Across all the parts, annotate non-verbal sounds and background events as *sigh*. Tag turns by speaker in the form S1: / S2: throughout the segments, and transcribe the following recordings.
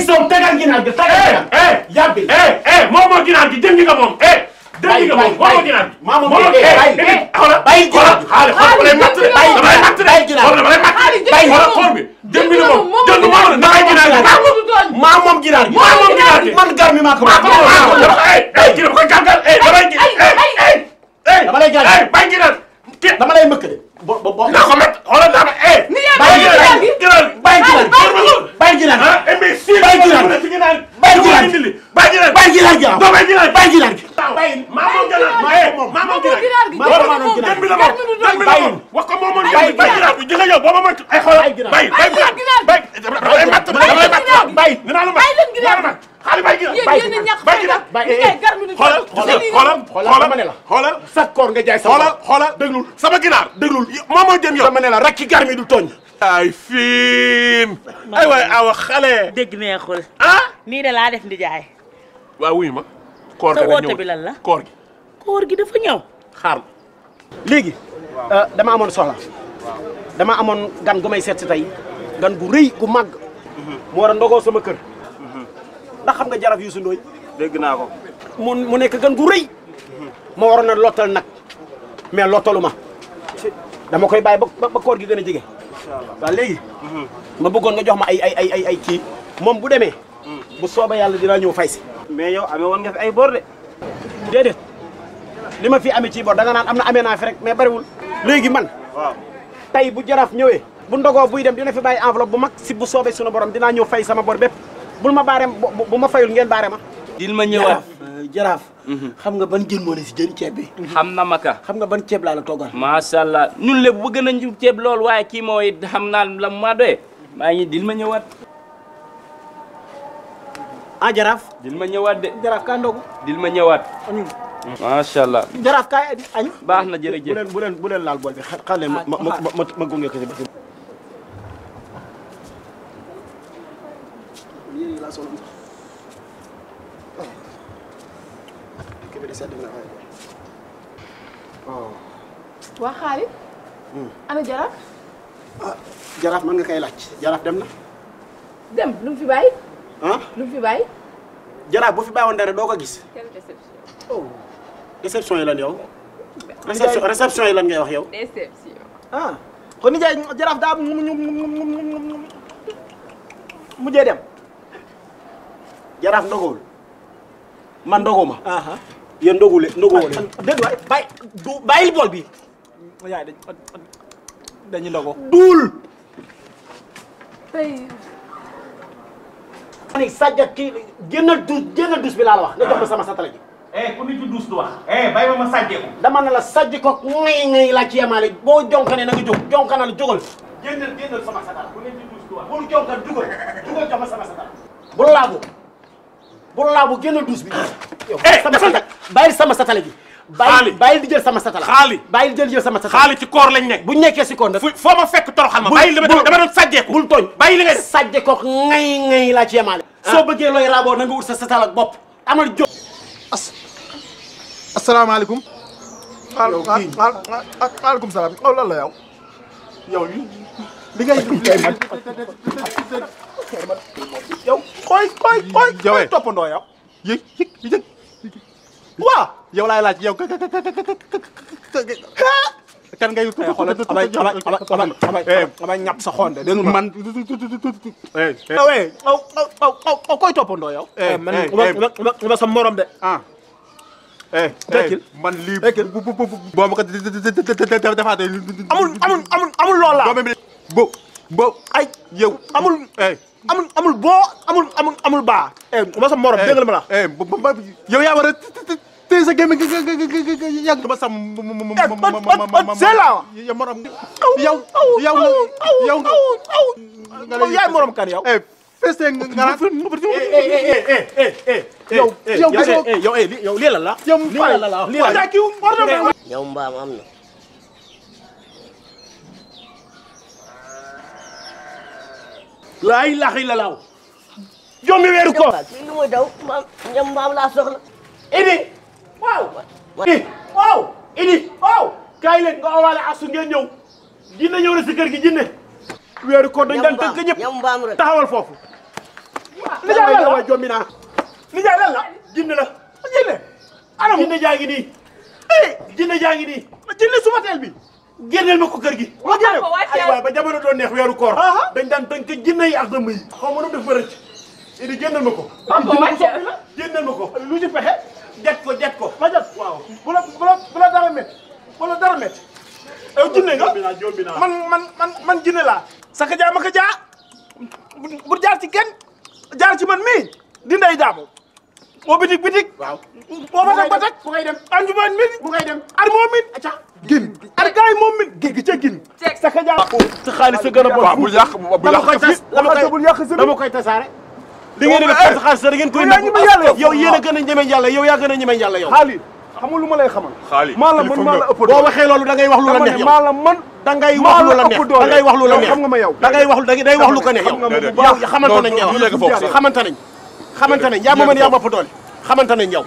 S1: Nixon tegal ginaar gi tegal ginaar. Eh, eh, yàbbi eh, moom moo ginaar gi dem ñu ko moom. dem ñu ko moom moom moo ginaar gi. maa moom moo ginaar gi bàyyi ginaar xaaral xaaral matt de bàyyi matt de bàyyi ginaar xool bàyyi xool bi dem ñu ko moom jënd moom na bàyyi ginaar gi. maa moom ginaar gi maa moom ginaar gi man gar mi maa ko moom. maa ko moom ay ginaar ko gàngal ay damay gi ay ay dama lay gàngal ay bàyyi ginaar dama lay mëkk de. bo bo bo naa ko met xoolal naa ma eh. bàyyi ginaar gi bàyyi ginaar gi bàyyi ginaar gi bàyyi si bàyyi jilaat bàyyi jilaat bàyyi jilaat bàyyi jilaat gi doo bàyyi jilaat bàyyi jilaat gi bàyyi maa moom jilaat maa moom maa moom jilaat gi maa moom jilaat gi maa moom jilaat gi bàyyi wax ko moom moom jilaat bàyyi jilaat gi jëlee yow boo ma moytu ay xoolal bàyyi bàyyi jilaat bàyyi dama lay matt dama lay matt bàyyi dinaa la matt dinaa la matt xaaral bàyyi jilaat bàyyi jilaat bàyyi jilaat bàyyi xoolal xoolal xoolal dama ne la xoolal sa koor nga jaay sa xoolal xoolal déglul sama ginaar déglul moo moo jëm yow dama ne la rakki garmi du tooñ ay fiin ay waay awa xale dégg neexul
S2: ah nii da laa def ndi jaay
S1: waaw ma koor gi woote bi lan la koor gi
S2: koor gi dafa ñëw
S1: xaar ma léegi dama amoon soxla dama amoon gan gu may seet si gan gu rëy gu màgg moo war a ndogoo sama kër ndax xam nga jaraf Youssou Ndoye dégg naa mu mu nekk gan gu rëy ma waroon a lottal nag mais lottalu ma dama koy bàyyi ba koor gi gën a waaw ma bëggoon nga jox ma ay ay ay ay ay kii moom bu demee bu sooba yàlla dinaa ñëw fay si mais yow amee woon nga fi ay bor de déedéet li ma fi amee ci bor da nga naan am na amee naa fi rek mais bariwul léegi man waaw bu jaraaf ñëwee bu ndogoo buy dem dina fi bàyyi enveloppe bu mag si bu soobee sunu borom dinaa ñëw fay sama bor bépp bul ma baarem bu ma fayul ngeen baare dil ma ñëwaat jaraaf xam nga ban jën moo si jën ceeb bi. xam na maka xam nga ban ceeb laa la toggal. macha allah ñun lépp bëgg nañu ceeb lool waaye kii mooy xam naa la ma maa ngi dil ma ñëwaat. ah jaraaf. dil ma ñëwaat de. jaraaf kaa ndogu. dil ma ñëwaat. macha allah. jaraaf kaay añ. baax na jërëjëf bu bu leen bu leen laal bool ana jaraaf. ah jaraaf mën nga koy laaj jaraaf dem na.
S2: dem lu mu fi bàyyi. ah lu fi bàyyi.
S1: jaraaf bu fi bàyyiwoon dara doo ko gis. quelle déception. oh yi lan yow.
S2: réception réception
S1: yi lan ngay wax yow. déception. ah kon nijaay jaraaf daa mu mu mu mujjee dem. jaraaf ndogowul man ndoguma. Ah, ah. yéen ndogule ndogowule. Ah, dégg nga waay bool bi. yaay dañ Dul. ndogo duul tey ani sajja ki génnal duus génnal duus bi laa la wax jox sama ji eh ku nit dus du wax eh bàyyi ma ma sajje ko dama ne la sajj ko ngay ngay laa ci yemaale boo jonkane na nga jóg jonkana la sama satu. ku nit dus du wax bul jonkan dugal dugal jox sama satala bul laabu bul laabu génnal dus bi yow sama satala bàyyi sama satu ji xaali bàyyi di jël sama satala xaali bàyyi di jël sama satala xaali ci koor lañ nekk bu ñu nekkee si koor nag foo ma fekk toroxal ma bàyyi li ma dama doon sàjjeeku bul tooñ bàyyi li nga sàjjeekoo ngay ngay laa ci yemaale ah. soo bëggee looy raaboo na nga ut sa satala ak bopp amal jóg as asalaamaaleykum maaleykum salaam aw lan la yow yow li ngay yow xooy xooy xooy toppandoo yow yow laay laaj yow kan ngay xoolal amay amay amay ñàpp sa xoon de dégg man aw aw aw koy toppandoo yow man ma sa morom de ah man lii boo ma ko defaatee amul amul amul amul lool la bo bo ay yow amul amul amul boo amul amul amul baa ma sa morom dégg la ma la yow yaa war a tey sa gémmiñ yàgg ba sam c'est là yow morom yow yow yow yow yaay morom kan yow feste nga yow
S2: yow yow yow lii la la yow la la yow mbaam am na
S1: laa ilaaha illallaah jombi weeru ko daw mbaam laa soxla idi waaw. Eh, ini waaw ini waaw. kaay leen nga owaale asu ngeen ñëw. jinne ñëw na si kër gi jinne. weeru koor dañ daan tënk ñëpp ñam baam rek taxawal foofu.
S2: li jaay lan la waay
S1: jombi naa. li jaay lan la jinne la jinne. anam jinne jaa ngi nii. jinne jaa ngi nii. jinne suba teel bi. génneel ma ko kër gi. wa jërëjëf ay waay ba jamono doon neex weeru koor. dañ daan tënk jinne yi ak dëmm yi. xaw nu def ba rëcc. idi génneel ma papa wàcce génneel ma ko lu ci fexe. det ko det ko. Madias waaw bu la bu la bu la dara métti bu la dara métti. yow jinne nga man man man man jinne laa. saka jaa ma ka jaa bu jaar ci kenn jaar ci man mii di ndey jaamu. moo bitik bitik. waaw moo batak batak. bu ngay dem anjumaan mi bu ngay dem ar moo min. acca gin ar gaay moom min gégg ca gin. saka jaa. sa xaalis sa gën a bon. waaw bu yàq bu yàq dama koy tas dama koy tasaare.
S2: li ngeen di def xaalis
S1: xaalis da ngeen koy nëbb yow yéen a gën a ñeme yàlla yow yaa gën a ñeme yàlla yow xaalis xam nga lu ma lay xamal xaalis maa la man maa la ëpp boo waxee loolu da ngay wax lu la neex yow maa la man da ngay wax lu la neex da ngay wax lu la neex xam nga ma yow da ngay wax day wax lu ko neex yow yow xamante nañ yow xamante nañ
S2: xamante nañ yaa ma mën yaa ma ëpp
S1: doole xamante nañ yow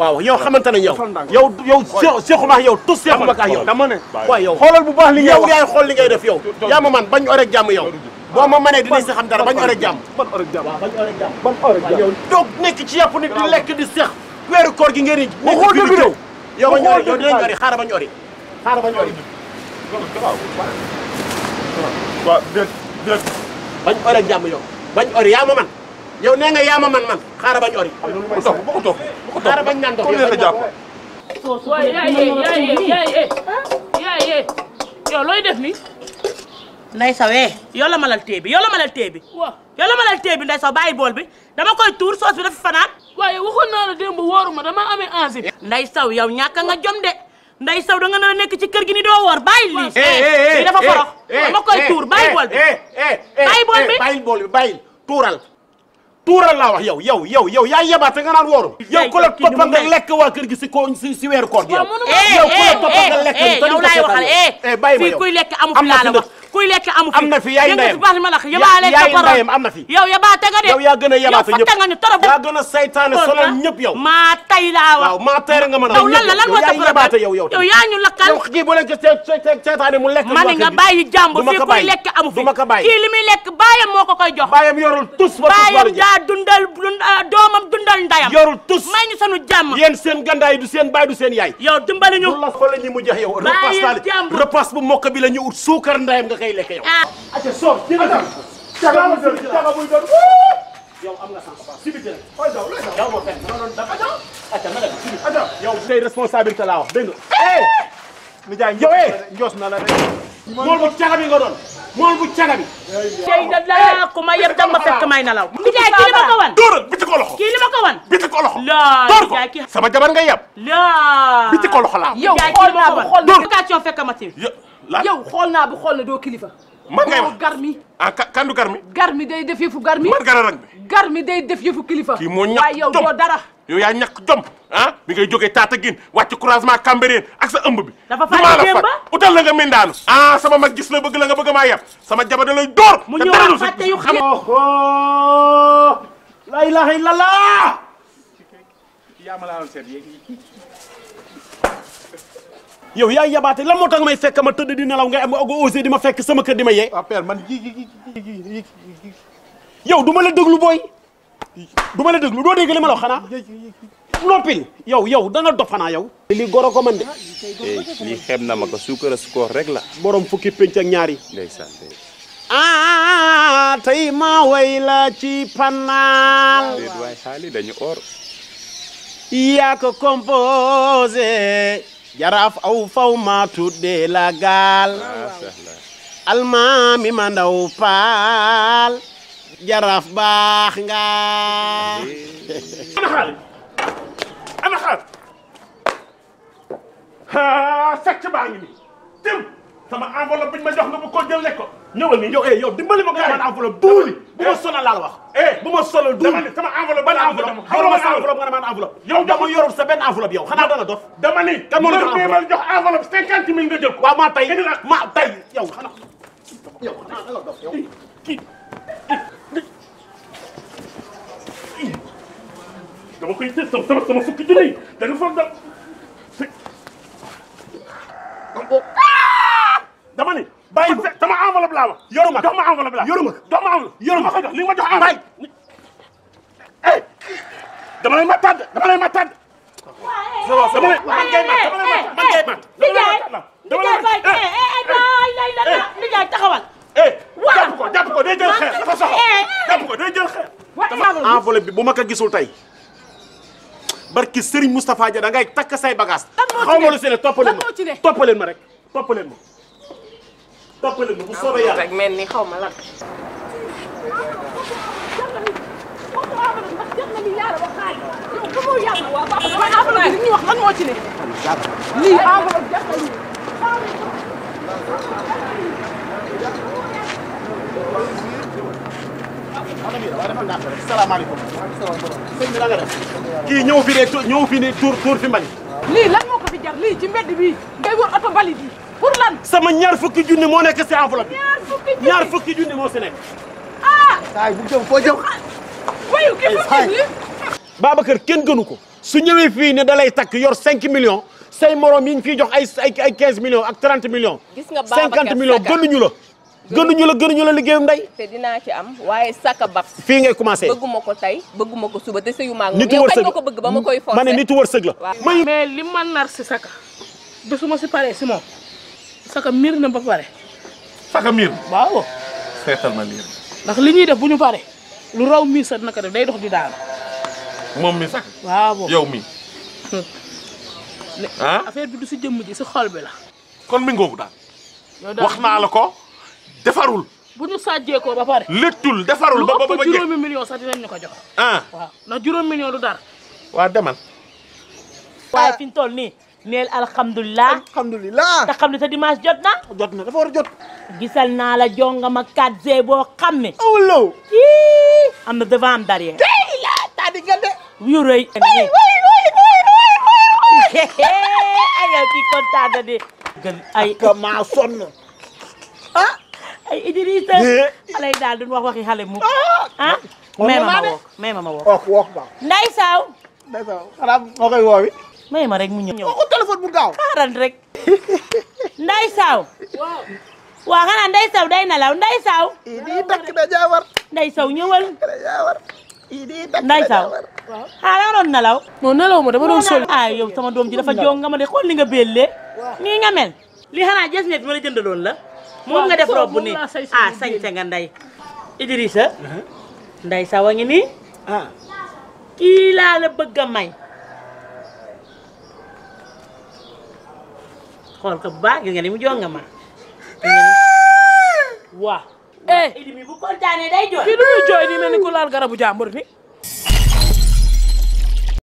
S1: waaw yow xamante nañ yow yow yow seexuma yow tous seexuma ak yow dama ne waaye yow xoolal bu baax li yow yaay xool li ngay def yow yaa ma man bañ orek jàmm yow boo ma mënee dinañ si xam dara bañ ore jàmm ban ore jàmm bañ ore jàmm ban ore jàmm yow toog nekk ci yàpp nit di lekk di seex weeru koor gi ngeen di waxoo dëgg yow
S2: yow bañ ori yow dinañ ori
S1: xaaral bañ ori xaaral bañ ori waaw bañ ore jàmm yow ma man yow nee nga yaa man man xaaral bañ ori
S2: bu toog bu ko toog bu ko toog xaaral bañ naan yow looy def nii nday sawee yola malal tee bi yola malal tee bi waaw yola malal tee bi nday saw bàyyi bool bi dama koy tuur soos bi waaye waxoon naa la démb wooru ma dama amee enzyme nday saw yow ñàkk nga jom de nday saw da nga nar a nekk ci kër gi ni doo woor bàyyi lii eh, eh, eh, lii dafa forox dama koy tuur bàyyi bool
S1: bi bàyyi bool bi bàyyi bool bi yow yow yow yow yaa yebaate nga naan wooru yow ku la toppa nga lekk waa kër gi si ko si weeru koor gi yow yow ku lekk yow laay waxal fii kuy lekk amu fi laa la
S2: kuy lekk amu fi am na fi yaay ndeyam yaay ndeyam am na fi yow yabaate nga de yow yaa gën a yabaate ñëpp yow fatta
S1: nga ñu torop yaa gën a saytaane sonal ñëpp yow maa tay laa wax waaw maa tay nga mën a yow lan la lan moo sa yabaate yow yow yow yaa ñu lakkal yow kii bu leen ko saytaane mu lekk ma ni nga bàyyi jàmbur fii kuy lekk amu fi kii
S2: li muy lekk baayam moo ko koy jox baayam yorul tus ba baayam daa dundal ah, doomam dundal
S1: ndayam yorul tus may ñu sunu jàmm yéen seen gandaay du seen baay du seen yaay yow dimbali ñu la fa la ñu mu jox yow repas bu mokk bi la ñu ut suukar ndayam nga ngay am nga sens si bi jërëjëf. ooy daw looy daw ma fenn non non dafa daw. ayca na dem si na la rek. mool bu caaga bi nga doon mool bu caaga bi. tey fekk may nalaw. nijaay kii dama ko wan. ko loxo kii li ma ko wan
S2: biti ko loxo door ko sama jabar nga yab la biti ko loxo laa yow xool naa bu xool éducation fekk ma ci xool naa bu xool la doo kilifa man ngay wax garmi
S1: ah kandu garmi garmi day def yëfu garmi man gara rang bi garmi day def yëfu kilifa kii moo ñàkk yow doo dara yow yaa ñàkk jom ah bi ngay jógee Tataguine wàcc croisement Cambérène ak sa ëmb bi dafa faa dem ba utal la nga mindaanu ah sama mag gis la bëgg la nga bëgg maa yab sama jabar da lay door mu ñëw fàtte yu xam laa ilaaha la yaa ma laa seet yaa yabaate la moo tax may fekk ma tëdd di nelaw nga am osé di ma fekk sama kër di ma yee. waaw ah, père yow du ma la déglu booy du ma la déglu doo dégg li ma la wax xanaa noppil yow yow da nga xanaa yow. li goro ko man de. lii eh, xem na ma ko suukar su koor rek la. borom fukki penc ak ñaari. ndeysaan ah, ah, tey ma way ci pannal waay yaa ko composé jaraaf aw faw ma tudde la gaal almaami ma ndaw paal jaraaf baax nga ana xaali haa sacc baa ngi nii sama enveloppe buñ ma jox nga bu ko jël lekk ko. ñewal ni yow eh yow dimbali ma ko sama enveloppe duuli bu ma sonal la wax. Eh, bu ma sonal duuli dama ni sama enveloppe ban enveloppe. xaw ma sama enveloppe nga man ma enveloppe. yow dama yorul sa ben enveloppe yow xana da danga dof. dama ni kan moo la jox enveloppe jox enveloppe cinquante nga jël ko. waaw maa tay ma tay yow xana yow xanaa danga dof yow ki dama koy jël sama sama fukki junni da nga foog da. dama ni bàyyi sama enveloppe laa wax yoruma jox ma enveloppe laa yoruma jox ma enveloppe yoruma li ma jox enveloppe
S2: eh dama lay mataat dama lay mataat
S1: boleh, barki Serigne Moustapha Dia da ngay tak say bagage xaw lu toppale bu soobee yàlla rek
S2: mel ni xaw ma lan.
S1: salaamaaleykum. sëñ bi na nga def. kii ñëw fi ne ñëw fi ne tuur tuur fi mbañ. lii lan moo ko fi jar lii ci mbedd bi ngay wër oto mbalit yi. pour lan sama ñaar fukki junni mo nek ci enveloppe ñaar fukki junni mo ci nekk
S2: ah saay bu jëm fo jëm
S1: wayu ki fa Babacar babakar ken gënuko su ñëwé fi ne dalay tak yor 5 millions say morom yiñ fi jox ay ay 15 millions ak 30 millions.
S2: 50 millions gënuñu la.
S1: gënuñu la gënuñu la liggéeyam
S2: ndey. té dina ci am wayé saka bax fi ngay commencé bëgguma ko tey bëgguma ko suba té sëyu yu ngi. ñu wërsëg la ko bëgg ba ma koy forcé mané nitu wërsëg la. mais li ma nar ci saka du ci paré si paree saka miir na ba pare. saka miir. waaw. seetal ma lii. ndax li ñuy def bu ñu pare lu raw miir sax naka def day dox di daanu. moom mi sax. waaw yow mi ah affaire bi du si jëmm ji si xol bi la.
S1: kon mi ngoogu daal.
S2: wax naa la ko defarul. bu ñu sàjjee ko ba pare.
S1: defarul ba ba ba jeex juróomi
S2: million sax dinañ ñu ko jox. ah ndax juróomi million du dara. waa demal. waaye fi ñu neel alhamdulilah alhamdulilah te jot na. jot na jot. gisal naa la jonga ma 4G boo xam ne. Oh, am na devant am derrière. tey di nga de. yu *laughs* ay yow kii kontaan na de. gën ay ah. ay Idrissa. xale yi daal duñ wax waxi xale mu. ah, ah. may ma ma ma ma woo. ok woo ko baax. Ndeye Sow. Ndeye Sow woowi. may ma rek mu ñëw ko téléphone bu gaaw xaaral rek nday saw wa waa xanaa nday saw day law nday saw. idi tak da jaawar nday saw ñëwal da jaawar idi takk nday saaw ah da doon nalaw non nalaw ma dama do sol ay yow sama dom ji dafa jong nga ma de xol li nga belle ni nga mel li xana jess net ma la doon la mo nga def rob ni ah ca nga nday Idrissa uh-huh. nday saw nga ni ah ki la la bëgg may xool ko bu baax gis ni mu jonga ma *laughs* waaw. eh Idi mi bu kontaanee day kii du muy jooy nii mel ni ku laal garabu jàmbur ni